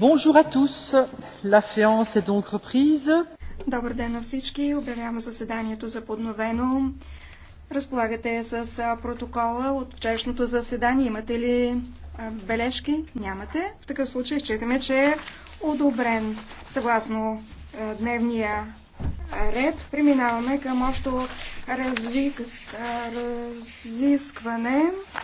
Bonjour à tous. La séance est donc reprise. Добър ден на всички. Обявявам заседанието за подновено. Разполагате с протокола от вчерашното заседание. Имате ли бележки? Нямате. В такъв случай считаме, че е одобрен съгласно дневния ред. Преминаваме към общо развик... разискване.